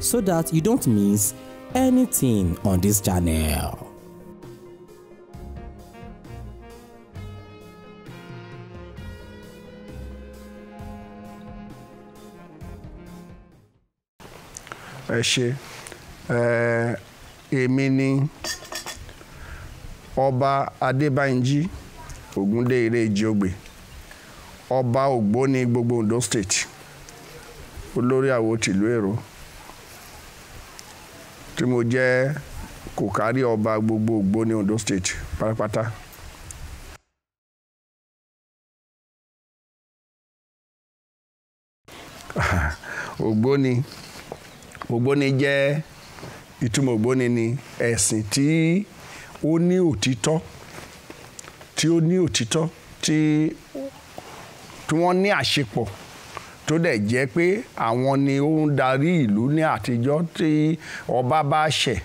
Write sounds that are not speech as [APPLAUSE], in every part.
so that you don't miss anything on this channel. ẹ ṣe èmi ni ọba adébáyìnjí ògúndéire ìjíogbè ọba ògbóni gbogbo ondo state olórí àwo tìlú èrò tí mo jẹ́ kò kárí ọba gbogbo ní Ondo State pátápátá. ògbóni ògbóni jẹ́ ìtumọ̀ ògbóni ni ẹ̀sìn tí ó ní òtítọ́ tí ó ní òtítọ́ tí wọ́n ní àṣepọ̀ tó dẹ̀ jẹ́ pé àwọn ni ó ń darí ìlú ní àtijọ́ tí ọba bá ṣẹ̀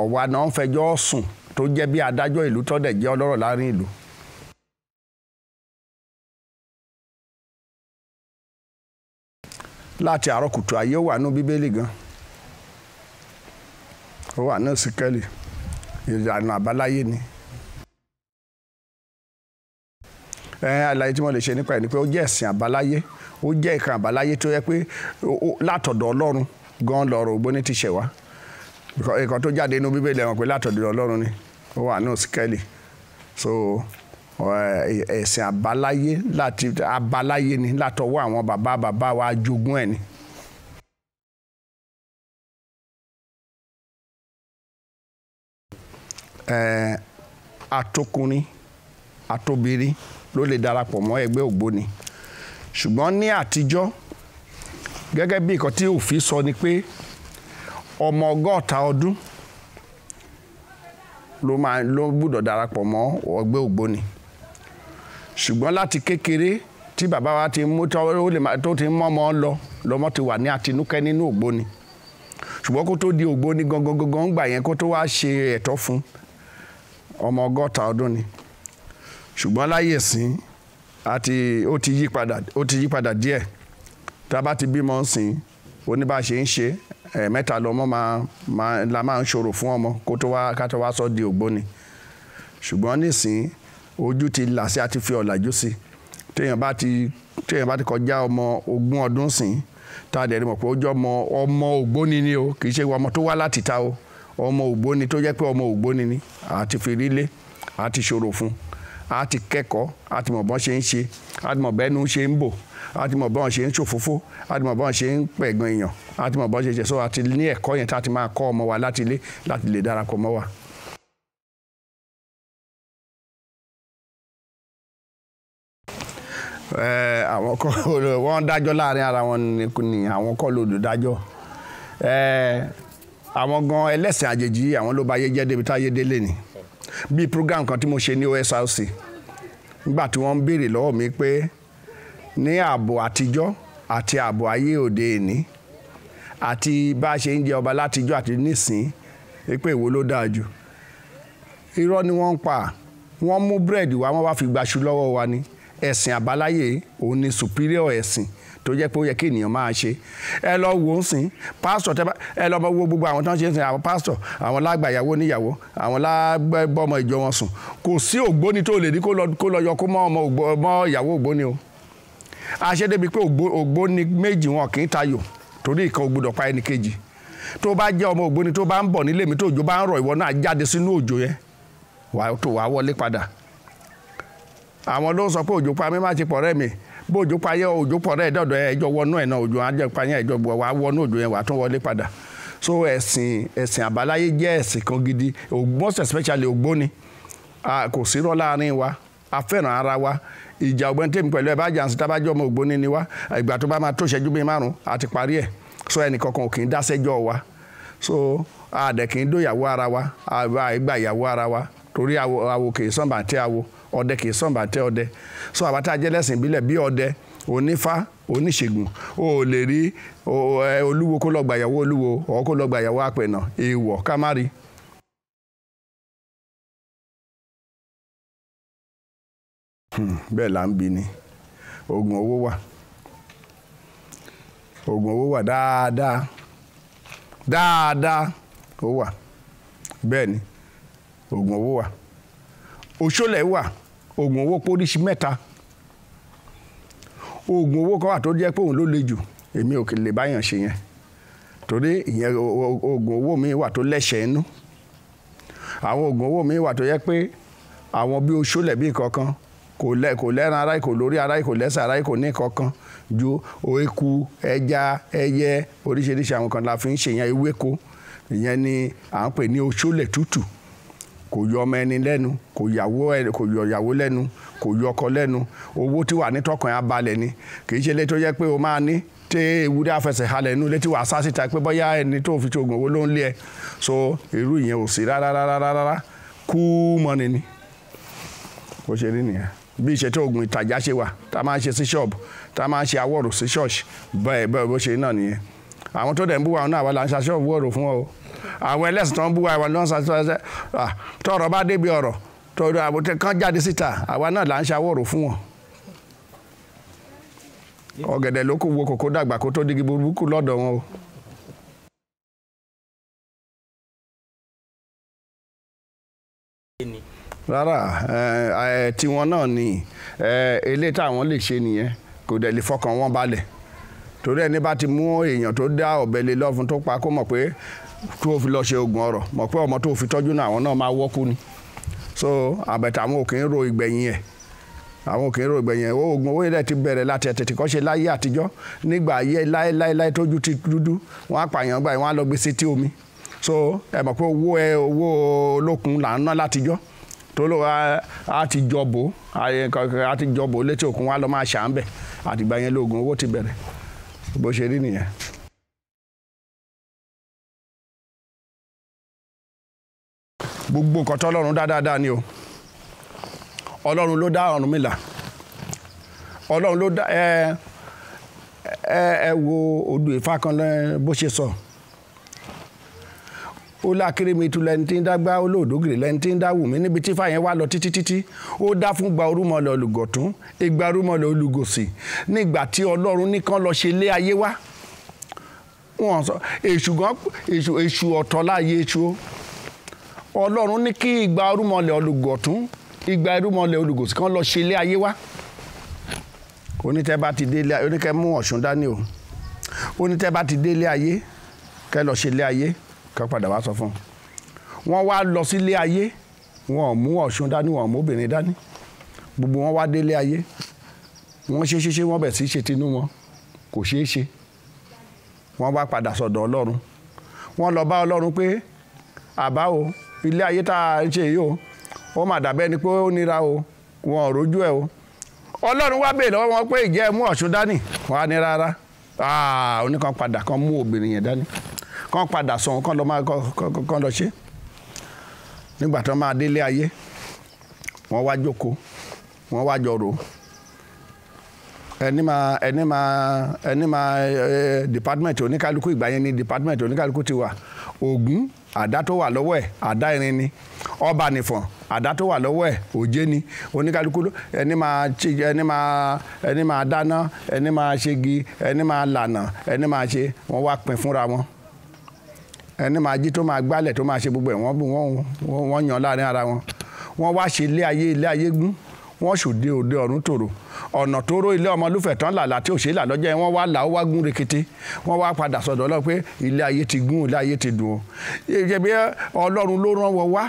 ọ̀wà náà ń fẹjọ́ sùn tó jẹ́ bí adájọ́ ìlú tó dẹ̀ jẹ́ ọlọ́rọ̀ láàrin ìlú. láti àárọ̀ kùtù gan ó wà ní ìlànà àbáláyé àlàyé tí mo lè ṣe nípa ẹ̀ ni pé ó jẹ́ ẹ̀sìn àbáláyé ó jẹ́ ìkan àbáláyé tó yẹ pé látọ̀dọ̀ ọlọ́run gan lọ́rọ̀ ògbóni ti ṣẹ̀ wá ìkan tó jáde inú bíbélì ẹ̀wọ̀n pé látọ̀dọ̀ ọlọ́run ni ó wà ní òsíkẹ́lì so ẹ̀sìn àbáláyé láti àbáláyé ni látọwọ́ àwọn bàbá bàbá wa jogún ẹ̀ ni. atokunrin atobirin ló lè darapọ̀ mọ́ ẹgbẹ́ ògbóni ṣùgbọ́n ní àtijọ́ gẹ́gẹ́ bí nǹkan tí òfin sọ ni pé ọmọ ọgọ́ta ọdún ló máa ló gbúdọ̀ darapọ̀ mọ́ ọgbẹ́ ògbóni ṣùgbọ́n láti kékeré tí bàbá wa ti mú tó ti mọ́ ọmọ lọ lọ́mọ ti wà ní àtinúkẹ́ nínú ògbóni ṣùgbọ́n kó tó di ògbóni gangan gangan gbà yẹn kó tó wá ṣe ẹ̀tọ́ fún ọmọ ọgọ́ta ọdún ni ṣùgbọ́n láyè sín àti ó ti yí padà ó ti yí padà díẹ̀ tá a bá ti bímọ sín oníbàṣe ń ṣe ẹ̀ẹ̀mẹ́ta lọ́mọ la máa ń ṣòro fún ọmọ kó tó wá ká tó wá sọ di ògbóni ṣùgbọ́n nísìn ojú ti là sí àti fi ọ̀làjú sí téèyàn bá ti téèyàn bá ti kọjá ọmọ ogún ọdún sìn tá a dẹ̀rẹ̀ mọ̀ pé ó jọ ọmọ ọmọ ògbóni ni o kì í ṣe ọmọ tó wá láti ta o ọmọ ògbóni tó jẹ́ pé ọmọ ògbóni ni àti fi rí lé àti ṣòro fún un a ti kẹ́kọ̀ọ́ a ti mọ̀ bọ́n ṣe ń ṣe a ti mọ̀ bẹ́nu ṣe ń bò a ti mọ̀ bọ́n ṣe ń ṣòfófó a ti mọ̀ bọ́n ṣe ń pẹ̀gàn èèyàn a ti mọ̀ bọ́n ṣe ṣe so a ti ní ẹ̀kọ́ yẹn tá a ti máa kọ́ ọmọ wa láti ilé láti lè darapọ̀ mọ́ wa. àwọn kọ́ [LAUGHS] wọ́n dájọ́ láàrin ara wọn ni àwọn kọ́ lòdùdájọ́ àwọn gan ẹlẹ́sìn àjèjì àwọn ló bá yé jẹ́ débi tá a délé ni bíi program kan tí mo ṣe ní OSRC nígbà tí wọ́n ń béèrè lọ́wọ́ mi pé ní ààbò àtijọ́ àti ààbò ayé òde ìní àti bá a ṣe ń jẹ ọba látijọ́ àti nísìn pé èwo ló dáa jù irọ́ ni wọ́n ń pa wọ́n mú búrẹ́dì wá wọ́n wá fi gbaṣu lọ́wọ́ wa ni ẹ̀sìn àbáláyé òun ni superior ẹ̀sìn tó jẹ́ pé ó yẹ kí ènìyàn máa ṣe ẹ lọ wò ó sìn pásítọ̀ tẹ́ ẹ lọ wo gbogbo àwọn tó ń ṣe sìn àwọn pásítọ̀ àwọn lágbàyàwó níyàwó àwọn lágbẹ́bọ́mọ ìjọ wọn sùn kò sí ògbóni tó lè ní kó lọ yọ kó mọ́ ọmọ ìyàwó ògbóni o àṣẹdébi pé ògbóni méjì wọn kì í tayò torí ìkan ògbódọ̀ pa ẹnì kejì tó bá jẹ́ ọmọ ògbóni tó bá ń bọ̀ nílé mi tó òjò bá ń rọ̀ ìwọ náà jáde sínú òjò yẹn tó wàá wọlé padà àwọn ló ń sọ pé òjò pa mí má ti pọ̀ rẹ́ mi bó òjò payẹ òjò pọ̀ rẹ̀ dọ̀dọ̀ ẹ̀ ẹjọ́ wọnú ẹ̀ náà òjò ajẹ́ payẹ ẹjọ́ gbọ̀ wá wọnú òjò yẹn wà tún wọlé padà so ẹ̀sìn ẹ̀sìn àbáláyé jẹ́ ẹ̀sìn kan gidi most especially ògbóni kò sí láàrin wa a fẹ́ràn ara wa ìjà ọgbẹ́ni tèmi pẹ̀lú ẹ̀ bá jà sí tábàjọ́ ọmọ ògbóni ni wa ìgbà tó bá máa tó ṣẹ́jú bíi márùn-ún àti parí ẹ̀ so ẹnìkankan ò kì í dáṣẹ́jọ́ wa so àdẹ̀kì ń dóyàwó ara wa àgbà ìgbà ìyàwó ara wa torí àwo kì í ọdẹ kì í sọmba tẹ ọdẹ so àbátá jẹlẹsìn bílẹ bí ọdẹ onífa oníṣègùn o ò lè rí olúwo kó lọgbà yàwó olúwo ọ kó lọgbà yàwó àpẹnà èèwọ ká má rí. Hmm, bẹ́ẹ̀ là ń bi ni oògùn owó wà oògùn owó wà dáadáa dáadáa owó wà bẹ́ẹ̀ ni oògùn owó wà òṣòlẹ̀ wà. oògùn owó póríṣi mẹ́ta oògùn owó kan wà tó jẹ́ pé òun ló le jù èmi ò kì í lè báyàn ṣe yẹn torí ìyẹn oògùn owó mi wà tó lẹ́sẹ̀ inú àwọn oògùn owó mi wà tó yẹ pé àwọn bí oṣó lẹ̀bí kankan kò lẹ kò lẹ́ran ara kò lórí ara kò lẹ́sẹ̀ ara kò ní kankan ju eku ẹja ẹyẹ oríṣiríṣi àwọn kan la fi ń ṣe yẹn ewéko ìyẹn ni à ń pè ní oṣó lẹ̀ tútù kò yọ ọmọ ẹni lẹ́nu kò yàwó kò yọ ìyàwó lẹ́nu kò yọ ọkọ lẹ́nu owó tí wà ní tọkàn yà balẹ̀ ni kì í ṣe ilé tó yẹ pé o máa ní tí ewúrẹ́ afẹsẹ̀ halẹ̀ inú létí wàá sá síta pé bóyá ẹni tó fi ṣoògùn owó ló ń lé ẹ so irú ìyẹn ò sí rárá rárá rárá kú mọ́ni ni bó ṣe rí nìyẹn bí ìṣètò oògùn ìtajà ṣe wà tá a máa ṣe sí ṣọ́ọ̀bù tá a máa ṣe awọ́rò sí ṣọ́ọ̀ṣì bẹ́ẹ̀ bẹ́ẹ̀ bó ṣe náà nìyẹn àwọn tó dẹ̀ ń bú wa náà wà láǹṣà ṣọ́ọ̀bù wọ̀rò fún ọ o àwọn ẹlẹ́sìn tó ń bú wa ìwà lọ́nà sàtúnṣe tọrọ bá débi ọ̀rọ̀ tọrọ àbútẹ kan jáde síta àwa náà là ń ṣàwọ̀rọ̀ fún wọn. ọ̀gẹ̀dẹ̀ ló kó wo kòkó dàgbà kó tó digi burúkú lọ́dọ̀ wọn o. rárá eh, eh, tiwọn náà ni eléyìí eh, táwọn lè ṣe nìyẹn kò dẹ̀ lè fọkàn wọn balẹ̀ torí ẹni bá ti mú èèyàn tó dá ọ̀bẹ lé lọ́fun tó pa kó mọ̀ pé tí o fi lọ ṣe oògùn ọ̀rọ̀ mọ̀ pé ọmọ tó o fi tọ́jú náà àwọn náà máa wọ́kú ni so àbẹ̀tẹ̀ àwọn òkè ń ro ìgbẹ̀yìn ẹ̀ àwọn òkè ń ro ìgbẹ̀yìn ẹ̀ oògùn owó ilẹ̀ ti bẹ̀rẹ̀ láti ẹ̀tẹ̀tì kọ́ ṣe láyé àtijọ́ nígbà ayé láéláé tójú ti dúdú wọ́n á pààyàn gbà wọ́n á lọ gbé sétí omi so ẹ mọ̀ pé owó ẹ owó olókun là ń ná látijọ́ tó ló wá á ti jọ̀bọ̀ á ti jọ̀bọ̀ létí òkun wá lọ máa ṣà ń bẹ̀ àtìgbà yẹn lóògùn owó ti bẹ̀rẹ̀ bó ṣe rí nìyẹn. gbogbo nǹkan tó ọlọ́run dá dáadáa ni o ọlọ́run ló dá Ọ̀rúnmìlà ọlọ́run ló dá ẹ ẹ wo odò Ifá kan lẹ bó ṣe sọ ó lákérémìtú lẹni tí ń dá gbá olóòdógìrì lẹni tí ń dá wùmí níbi tí fàyẹn wá lọ títí títí ó dá fún gba orúmọlẹ̀ olùgọ̀tún igba orúmọlẹ̀ olùgòsì nígbà tí ọlọ́run nìkan lọ ṣe ilé ayé wá wọn sọ èṣù gan èṣù ọ̀tọ̀ láàyè èṣù ọlọ́run ní kí ìgbà ọrùmọlẹ̀ olùgọ̀tún ìgbà ọrùmọlẹ̀ olùgòsì kan lọ ṣe ilé ayé wá onítẹ̀ bá ti dé ilé ayé oníkẹ́ mú ọ̀ṣun dání o onítẹ̀ bá ti dé ilé ayé kẹ́ lọ ṣe ilé ayé kẹ́ padà wá sọ fún un wọ́n wá lọ sí ilé ayé wọn ò mú ọ̀ṣun dání wọn ò mú obìnrin dání gbogbo wọn wá dé ilé ayé wọ́n ṣe ṣeṣe wọ́n bẹ̀ sí ṣe tinú wọn kò ṣeé ṣe wọ́n wá padà sọ̀dọ̀ ọlọ́run wọ́n lọ bá ọlọ́run pé àbá o ilé ayé tá a ń ṣe yìí o wọ́n mà dàbẹ́ ni pé ó nira o wọn ò rójú ẹ o ọlọ́run wá bèèrè lọ́wọ́ wọn pé ìjẹ́ mú ọ̀ṣun dání wọn á ní rárá oníkan padà kan mú obìnrin yẹn dání kan padà sọ̀hún kan lọ máa kan lọ ṣe nígbà tó máa délé ayé wọ́n wá jókòó wọ́n wá jọrò ẹni máa ẹni máa ẹni máa department oníkálukú ìgbà yẹn ni department oníkálukú ti wà ogun àdá tó wà lọ́wọ́ ẹ̀ àdá irin ni ọba nìfọ̀n àdá tó wà lọ́wọ́ ẹ̀ òjé ni oníkálukú ẹni máa ẹni máa ẹni máa dáná ẹni máa ṣègi ẹni máa lànà ẹni máa ṣe wọ́n wá pín fúnra wọn ẹni máa jí tó máa gbálẹ̀ tó máa ṣe gbogbo ẹ̀ wọ́n wọ́n láàrin ara wọn wọ́n wá ṣe ilé ayé ilé ayé gún wọ́n ṣùdí òde ọ̀run tòrò ọ̀nà tó ró ilé ọmọlúfẹ̀ tán làlà tí ò ṣe é là lọ́jọ́ yẹn wọ́n wá là ó wá gún rekete wọ́n wá padà sọ̀dọ̀ ọlọ́run pé ilé ayé ti gún ilé ayé ti dùn o ìjẹ̀bi ọlọ́run ló rán wọ wá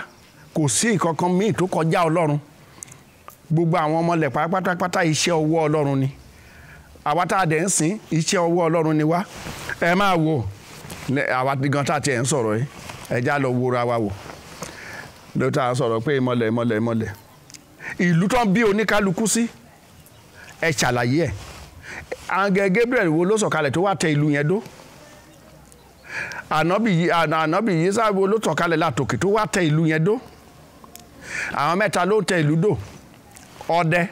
kò sí ìkankan míì tó kọjá ọlọ́run gbogbo àwọn ọmọlẹ̀ pátápátá iṣẹ́ ọwọ́ ọlọ́run ni àwa tá a dẹ̀ ń sìn iṣẹ́ ọwọ́ ọlọ́run ni wá ẹ máa wò àwa gan tá a tiẹ̀ ń sọ̀rọ̀ yìí ẹ já lọ wòra wa wò lóòótọ́ à ń sọ̀rọ̀ pé ìmọ̀lẹ̀ ìmọ̀lẹ̀ ìlú tán bí oníkálukú sí ẹ ṣàlàyé ẹ̀ angel Gabriel wo ló sọ̀kalẹ̀ tó wá tẹ ìlú yẹn dó ànábì Yísà wo ló sọ̀kalẹ̀ látòkè tó wá tẹ ìlú yẹn dó àwọn mẹ́ta ló tẹ ìlú dó ọdẹ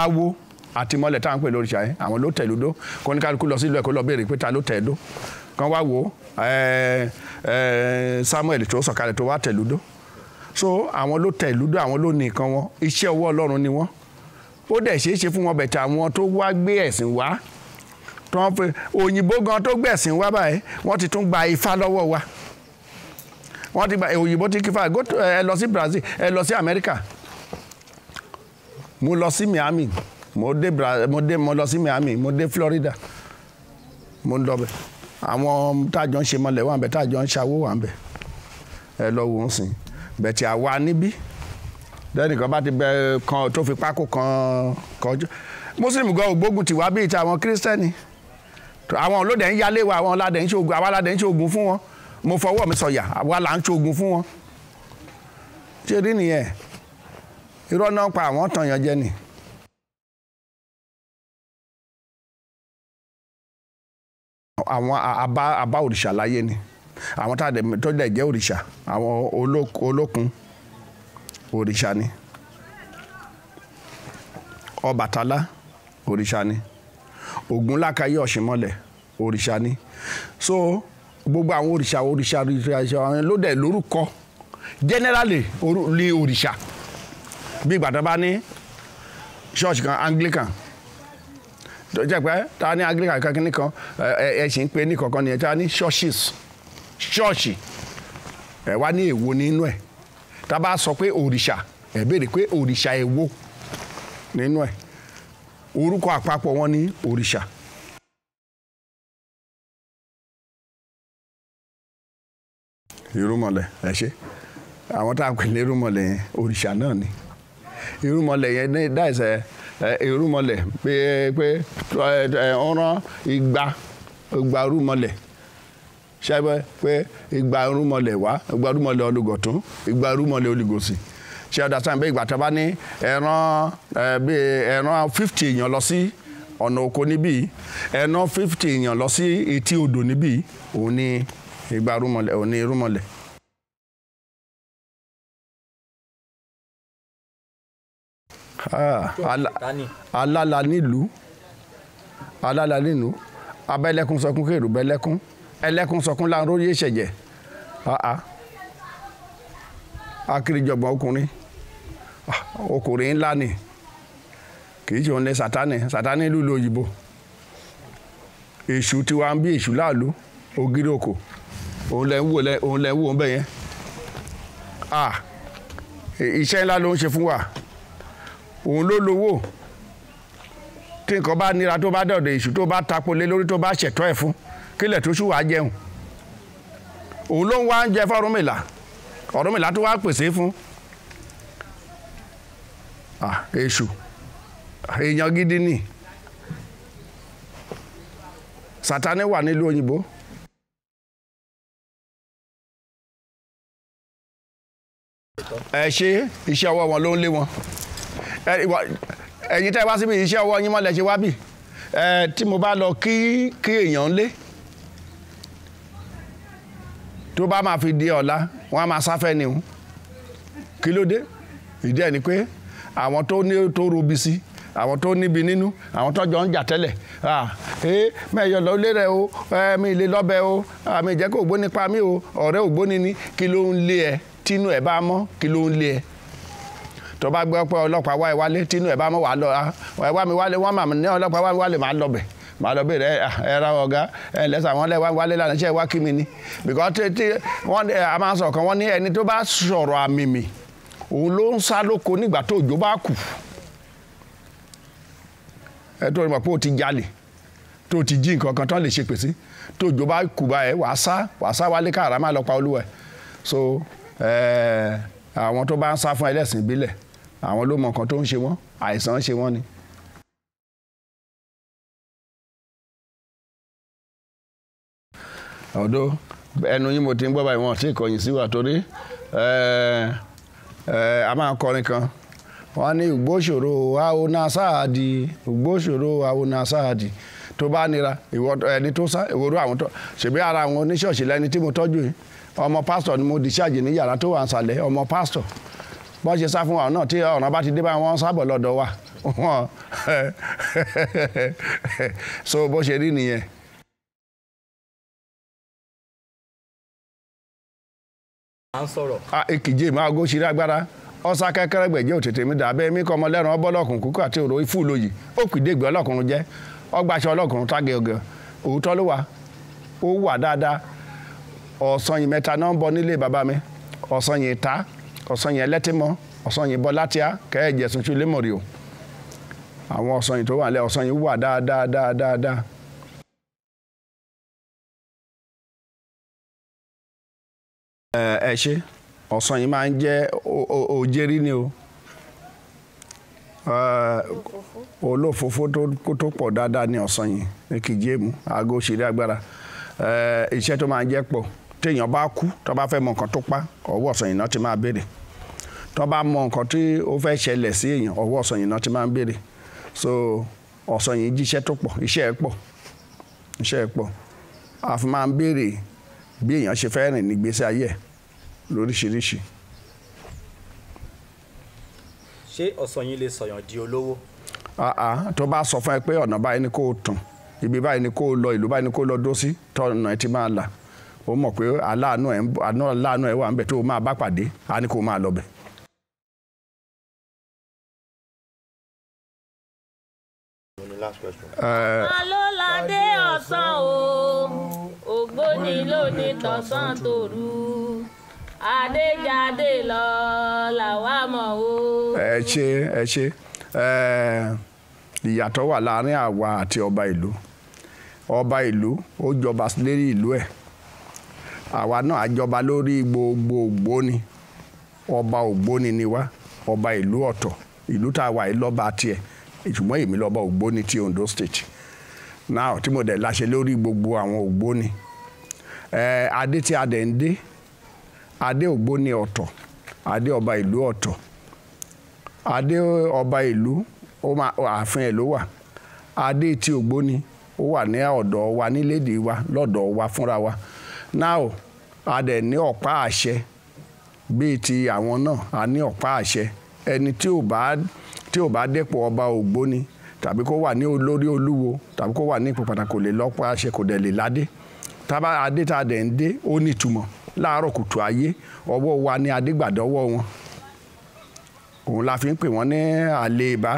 awo àti mọ́lẹ̀ tá à ń pè lóríṣà yẹn àwọn ló tẹ ìlú dó kọ́níkálukú lọ sílùú ẹ̀ kó lọ béèrè pé ta ló tẹ̀ dó kán wá wò Samuel tó sọ̀kalẹ̀ tó wá tẹ ìlú dó so àwọn ló tẹ ìlú dó àwọn ló ní nǹkan wọn iṣẹ́ ọwọ́ ọlọ́run ni wọ́n ó dẹ̀ ṣeé ṣe fún wọn bẹ̀tẹ̀ àwọn tó wá gbé ẹ̀sìn wá tó ń fi òyìnbó gan tó gbẹ̀sìn wá báyìí wọ́n ti tún gba ifá lọ́wọ́ wa wọ́n ti gba òyìnbó ti kífà ẹ lọ sí Brazil ẹ lọ sí Amẹ́ríkà mo lọ sí Miami mo dé mo dé mo lọ sí Miami mo dé Florida mo ń lọbẹ àwọn tájọ ń ṣe mọlẹ wà ń bẹ ń ṣàwó wà ń ẹ lọ wò ó sìn bẹ̀tì àwa níbí lẹ́nìkan bá ti bẹ kan tó fi pákó kan kanjú mùsùlùmí gan ògbógun tiwa bíi ti àwọn kírísítẹ́nì àwọn olóde ń yálé wa àwọn aládé ń ṣoògùn àwa aládé ń ṣoògùn fún wọn mo fọwọ́ mi sọ̀yà àwa là ń ṣoògùn fún wọn ṣe rí nìyẹn irọ́ náà pa àwọn tàn jẹ nìyẹn. àwọn àbá àbá òrìṣà láyé ni àwọn tó dẹ̀ jẹ́ òrìṣà àwọn olókun òrìṣà ni ọbàtálá òrìṣà ni ògúnlákayé ọ̀ṣìnmọ́lẹ̀ òrìṣà ni so gbogbo àwọn òrìṣà òrìṣà òrìṣà àwọn ló dẹ̀ lórúkọ generally ní òrìṣà bí ìgbà tó bá ní ṣọ́ọ̀ṣì kan anglican tó jẹ́ pé ta ní anglican kankan nìkan ẹ̀sìn pé nìkankan nìyẹn ta ní churches ṣọ́ọ̀ṣì ẹ wá ní èwo nínú ẹ̀ tá a bá sọ pé òrìṣà ẹ béèrè pé òrìṣà èwo nínú ẹ̀ orúkọ àpapọ̀ wọn ní òrìṣà. irúmọlẹ̀ ẹ ṣe àwọn tá a pè ní irúmọlẹ̀ yẹn òrìṣà náà ni irúmọlẹ̀ yẹn ní dáìsẹ eh, eh, irúmọlẹ̀ pé pé eh, ọ̀ràn igba igba irúmọlẹ̀ ṣáìbẹ́ pé igba irúnmọlẹ̀ wá igba irúnmọlẹ̀ olùgọ̀tún igba irúnmọlẹ̀ olùgòsì ṣe ọ̀dà sáà bẹ́ẹ̀ ìgbà tó bá ní ẹran bíi ẹran fifty èèyàn lọ sí ọ̀nà oko níbí ẹran fifty èèyàn lọ sí etí odò níbí òun ní igba irúnmọlẹ̀ òun ní irúnmọlẹ̀. alálà ah, nílùú alálà nílùú abẹ́lẹ́kún sọkún kéèrú bẹ́lẹ́kún ẹlẹ́kùn sọkún láàárọ̀ yé ṣẹ̀jẹ̀ akérèjọgbọ̀n ah, ah. ọkùnrin ah, ọkùnrin ńlá ni kì í ṣe òun lẹ sátani sátani lùlù òyìnbó èṣù tiwa ń bí èṣù láàlú ògiri òkò òun lẹ ń wò lẹ òun lẹ ń wò ń bẹ yẹn iṣẹ́ ńlá ló ń ṣe fún wa òun ló lówó tí nǹkan bá nira tó bá dọ̀dọ̀ èṣù tó bá tapo lé lórí tó bá ṣẹ̀tọ́ ẹ̀ fún kílẹ̀ tó ṣù wá jẹun òun ló ń wá ń jẹ fún Ọ̀rúnmìlà Ọ̀rúnmìlà tó wá pèsè fún èṣù èèyàn gidi ni Sátánì wà nílùú òyìnbó ẹ ṣe iṣẹ́ ọwọ́ wọn ló ń lé wọn ẹ̀yin tẹ́ wá síbi iṣẹ́ ọwọ́ yín mọ́ ṣe wá bì tí mo bá lọ kí kí èèyàn lé tó bá máa fi di ọ̀la wọ́n á máa sáfẹ́ ni o kí ló dé ìdí ẹ̀ ni pé àwọn tó ní tó rubi sí àwọn tó níbi nínú àwọn tó jọ ń jà tẹ́lẹ̀ ee mẹ́yọ lọ́lé rẹ o mi lè lọ́bẹ̀ o àmì ìjẹ́kọ̀ ògbóni pa mí o ọ̀rẹ́ ògbóni ni kí ló ń lé ẹ tínú ẹ bá mọ́ kí ló ń lé ẹ tó bá gbé ọpẹ ọlọ́pàá wá ẹ wálé tínú ẹ bá mọ́ wàá lọ ẹ wá mi wálé wọ́n mà ní ọlọ́pàá wá mi wálé màá lọ bẹ̀ màá lọ bèrè ah, ẹ ra ọ̀gá ẹ lẹ́sà wọn lẹ́ wálé lánàá iṣẹ́ wá kí mi ni because tí tí wọ́n a máa sọ̀rọ̀ kan wọ́n ní ẹni tó bá sọ̀rọ̀ àmìmì òun ló ń sá lóko nígbà tó òjò bá kù ẹ tó rí mọ̀ pé ó ti jalè tó ti jí nǹkan kan tán lè ṣe pèsè tó òjò bá kù bá ẹ wàá sá wàá sá wálé káàrà má lọ pa olúwa ẹ so àwọn tó bá ń sá fún ẹlẹ́sìn ìbílẹ̀ àwọn ló mọ nǹkan tó ń ṣe wọ́n àìsàn ń ṣe wọ́n ni ọdụ ẹnu yín mo ti ń gbọ́ báyìí tí ì kọ̀yìn torí a máa kọrin kan wọ́n ní ìgbóṣòro àwòna sáàdì tó bá nira ẹni tó sá ìwòrò àwọn tó ṣèbí ara àwọn oníṣọ̀ọ̀ṣì lẹni tí mo tọ́jú yìí ọmọ pásítọ̀ ni mo di ṣáàjì ní yàrá tó wà ń sàlẹ̀ ọmọ pásítọ̀ bọ́n ṣe sá fún wa náà tí bá [LAUGHS] [LAUGHS] so bó ṣe rí nìyẹn. à ń sọ̀rọ̀. èkìjì máa gó ṣe lágbára ọ̀sá kẹ́kẹ́rẹ́ gbẹ̀jẹ́ òtètè mi dàbẹ́ mi kọ́ ọmọ lẹ́rùn ọbọ̀lọ́kùn kúkú àti òrò ifú lóyè ó kìdégbé ọlọ́kùnrin jẹ́ ọgbàṣẹ ọlọ́kùnrin tágẹ̀ ọ̀gẹ̀ òótọ́ ló wà ó wà dáadáa ọ̀sán yìí mẹ́ta náà ń bọ nílé bàbá mi ọ̀sán yìí ta ọ̀sán yìí ẹlẹ́tìmọ́ ọ̀sán yìí bọ́ látíá kẹ́ẹ̀jẹ̀ sunṣu lémọ̀rì o àwọn ọ̀sán yìí tó wà lẹ́ ọ̀sán yìí wà dáadáa dáadáa ẹ ṣe ọ̀sán yìí máa ń jẹ́ òjèrí ni o olófòófó tó pọ̀ dáadáa ní ọ̀sán yìí ní kìjéèmù aago òṣèré agbára iṣẹ́ tó máa ń jẹ́ pọ̀ téèyàn bá kú tó bá fẹ́ mọ nǹkan tó pa ọwọ́ ọ̀sán yìí náà ti máa béèrè tó bá mọ nǹkan tí ó fẹ́ ṣẹlẹ̀ sí èèyàn ọwọ́ ọ̀sán yìí náà ti máa ń béèrè so ọ̀sán yìí jíṣẹ́ tó pọ̀ iṣẹ́ ẹ̀ pọ̀ iṣẹ́ ẹ̀ pọ̀ àfi máa ń béèrè bí èèyàn ṣe fẹ́ rìn nígbésí ayé ẹ̀ lóríṣiríṣi. ṣé ọ̀sán yín lè sọ̀yàn di olówó. àà tó bá sọ fún ẹ pé ọ̀nà báyìí ni kò tàn ibi báyìí ni kò lọ ìlú báyìí ni kò lọ dó sí tọ̀nà ẹ ti máa là ó mọ̀ pé aláàánú ẹ̀ wà ń bẹ̀ tó o máa bá pàdé á ní kó o máa lọ bẹ̀. Alóládé ọ̀sán o mi lónìí tọ̀sán tòru adéjáde lọ làwa mọ̀ o. ẹ ṣe ẹ ṣe ìyàtọ̀ wà láàrin àwa àti ọba ìlú ọba ìlú ó jọba lérí ìlú ẹ̀ àwa náà àjọba lórí gbogbo ògbóni ọba ògbóni ni wá ọba ìlú ọ̀tọ̀ ìlú tá a wà yìí lọ́ba tiẹ̀ ṣùgbọ́n èmi lọ́ba ògbóni ti Ondo State now tí mo dẹ̀ láṣẹ lórí gbogbo àwọn ògbóni ẹẹ adé tí a dẹ̀ ń dé adé ògbóni ọ̀tọ̀ adé ọba ìlú ọ̀tọ̀ adé ọba ìlú ààfin ẹ̀ ló wà adé tí ògbóni ó wà ní ọ̀dọ̀ wa nílédìí wa lọ́dọ̀ wa fúnra wa náà a dẹ̀ ní ọ̀pá àṣẹ bíi ti àwọn náà a ní ọ̀pá àṣẹ ẹni tí ò bá tí ò bá dépò ọba ògbóni tàbí kó wà ní olórí olúwo tàbí kó wà ní ipò pàtàkì kò lè lọ́pọ̀ àṣẹ kò dẹ̀ lè ládé. Taba adé tá a dẹ̀ ń dé ó nítumọ̀ láàárọ̀ kùtù ayé ọwọ́ wa ni adégbàdọ́wọ́ wọn òun la fi ń pè wọ́n ní àlèébá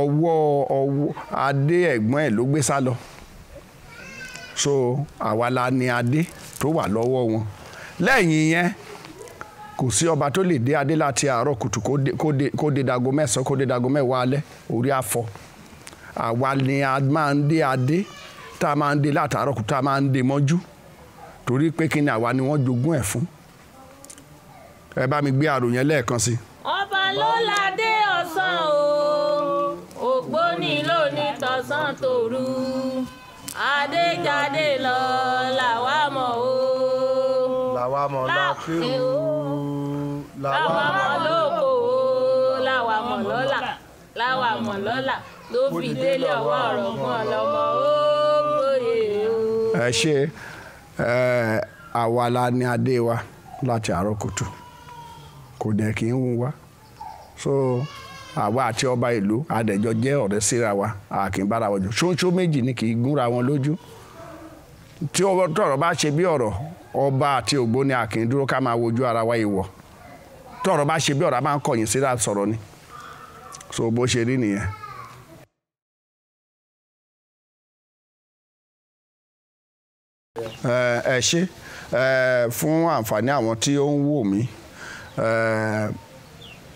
ọwọ́ ọwọ́ adé ẹ̀gbọ́n ẹ̀ ló gbé sá lọ so àwa la ni adé tó wà lọ́wọ́ wọn lẹ́yìn yẹn kò sí ọba tó lè dé adé láti àárọ̀ kùtù kó dé dago mẹ́sàn-án kó dé dago mẹ́wàá alẹ́ orí afọ àwa ni a máa ń dé adé. adé tá a máa ń de látàárọ̀ kó tá a máa ń de mọ́jú torí pé kí ni àwa ni wọ́n jogún ẹ̀ fún ẹ bá mi gbé àròyìn lẹ́ẹ̀kan sí. ọba ló ládé ọ̀sán o ògbóni ló ní tọ̀sán tòru adéjáde lọ làwa mọ̀ o làwa mọ̀ lápẹ́ o làwa mọ̀ lóko o làwa mọ̀ lọ́la làwa mọ̀ lọ́la ló fi délé ọwọ́ ọ̀rọ̀ fún ọlọ́mọ o ẹ ṣe àwa la ní adé wa láti àárọ̀ kùtù kò dẹ̀ kí ń wá so àwa àti ọba ìlú adẹjọ jẹ́ ọ̀rẹ́ síra wa àkínbára wọn jù ṣóńṣó méjì ni kì í gúnra wọn lójú tí ọwọ́ tọ̀rọ̀ bá ṣe bí ọ̀rọ̀ ọba àti ògbóni àkìndúró ká máa wojú ara wa ìwọ tọ̀rọ̀ bá ṣe bí ọ̀rọ̀ a máa ń kọ̀yìn síra sọ̀rọ̀ ni so bó ṣe rí nìyẹn. ẹ ṣe fún àǹfààní àwọn tí ó ń wò mí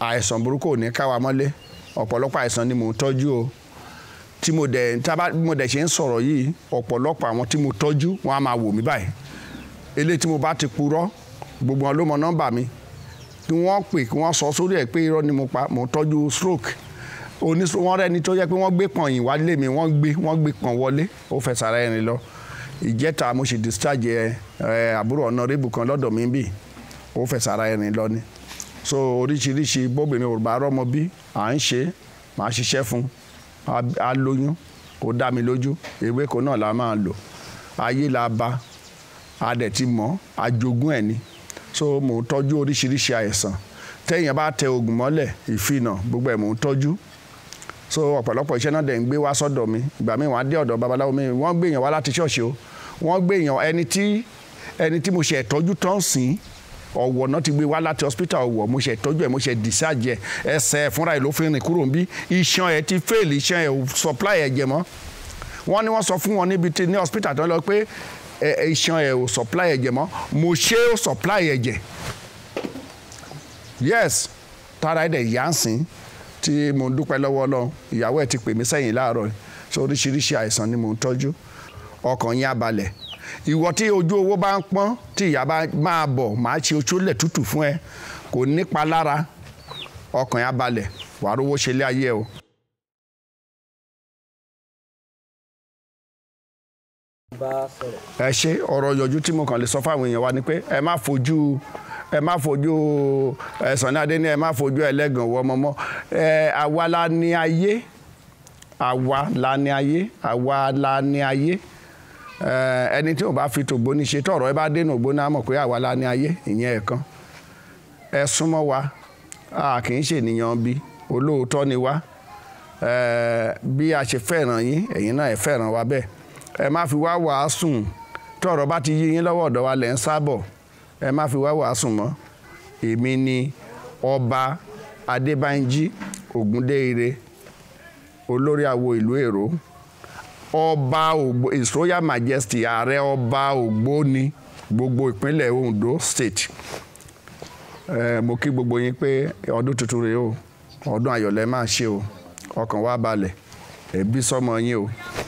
àìsàn burúkú ò ní káwa mọ́lé ọ̀pọ̀lọpọ̀ àìsàn ni mò ń tọ́jú o tí mo dẹ̀ tábà mo dẹ̀ ṣe ń sọ̀rọ̀ yìí ọ̀pọ̀lọpọ̀ àwọn tí mo tọ́jú wọn á máa wò mí báyìí eléyìí tí mo bá ti purọ́ gbogbo wọn ló mọ nọ́mbà mi kí wọ́n pè kí wọ́n sọ sórí ẹ̀ pé irọ́ ni mo pa mo tọ́jú stroke oní wọ́n ni tó yẹ pé wọ́n gbé pọ̀nyìn wálé mi wọ́n gbé wọ́n gbé pọ̀n wọlé ó fẹsàrà ẹ̀rìn lọ ìjẹta mo sì discharge ẹ àbúrò ọ̀nàrẹ́bù kan lọ́dọ̀ mi bì ó fẹsẹ̀ ara ẹni lọ ni so oríṣiríṣi bóbìnrin òrùba rọmọ bí à ń ṣe màá ṣiṣẹ́ fún a lóyún kò dá mi lójú ewé kan náà la máa lò ayé la ba a dẹ̀ ti mọ̀ a jogún ẹ̀ ni so mò ń tọ́jú oríṣiríṣi àìsàn tẹ́yìn bá tẹ oògùn mọ́lẹ̀ ìfinà gbogbo ẹ̀ mò ń tọ́jú so ọ̀pọ̀lọpọ̀ iṣẹ́ náà dẹ̀ ń gbé wá sọ́dọ̀ mi ìgbà míì wọ́n á dé ọ̀dọ̀ babaláwo mi wọ́n gbé wá láti ṣọ́ọ̀ṣì o wọ́n gbé ẹni tí ẹni tí mo ṣe ìtọ́jú tán sìn ọ̀wọ̀ náà ti gbé wá láti hospital ọ̀wọ̀ mo ṣe ìtọ́jú ẹ̀ mo ṣe discharge ẹsẹ̀ fúnra ẹ̀ ló fi rìn kúrò níbí iṣan ẹ̀ ti fail iṣan ẹ̀ supply ẹ̀jẹ̀ mọ́ wọ́n ní wọ́n sọ fún wọn níbi tí ní hospital tán lọ pé iṣan ẹ̀ ò supply ẹ̀jẹ̀ mọ́ mo ṣe ó supply ẹ̀jẹ̀ yes tara ẹ̀ dẹ̀ yá sìn tí mo dúpẹ́ lọ́wọ́ ọlọ́run ìyàwó ẹ̀ ti pè mí sẹ́yìn láàárọ̀ so oríṣiríṣi àìsàn ni mo ń tọ́jú ọkàn yín á balẹ̀ ìwọ tí ojú owó bá ń pọ́n tí ìyá bá máa bọ̀ máa ṣe ojúlẹ̀ tútù fún ẹ kò nípa lára ọkàn yín á balẹ̀ wàá rówó ṣe lé ayé o. ẹ ṣe ọ̀rọ̀ yọjú tí mo kàn lè sọ fáwọn èèyàn wa ni pé ẹ má fojú ẹ má fojú Sunny Adé ní ẹ má fojú ẹlẹ́gàn wọ ọmọ mọ́ àwa la ní ayé àwa la ní ayé àwa la ní ayé ẹni tí ò bá fi tògbó ní ṣe tọ̀rọ̀ ẹ bá dénú ògbóná mọ̀ pé àwa la ní ayé ìyẹn ẹ̀kan ẹ súnmọ́ wa a kì í ṣènìyàn bí olóòótọ́ ni wá bí a ṣe fẹ́ràn yín ẹ̀yin náà ẹ fẹ́ràn wa bẹ́ẹ̀ ẹ má fi wá wàásù tọ̀rọ̀ bá ti yí yín lọ́wọ́ ọ̀dọ̀ wa lẹ́ ń sábọ̀ ẹ má fi wá wàásù mọ́ èmi ni ọba adébánjí ògúndéire olórí àwo ìlú èrò ọba ògbó his royal majesty ààrẹ ọba ògbóni gbogbo ìpínlẹ̀ ondo state ẹ mo kí gbogbo yín pé ọdún tuntun rèé o ọdún ayọ̀lẹ́ máa ṣe o ọkàn wa balẹ̀ ẹbí sọmọ yín o.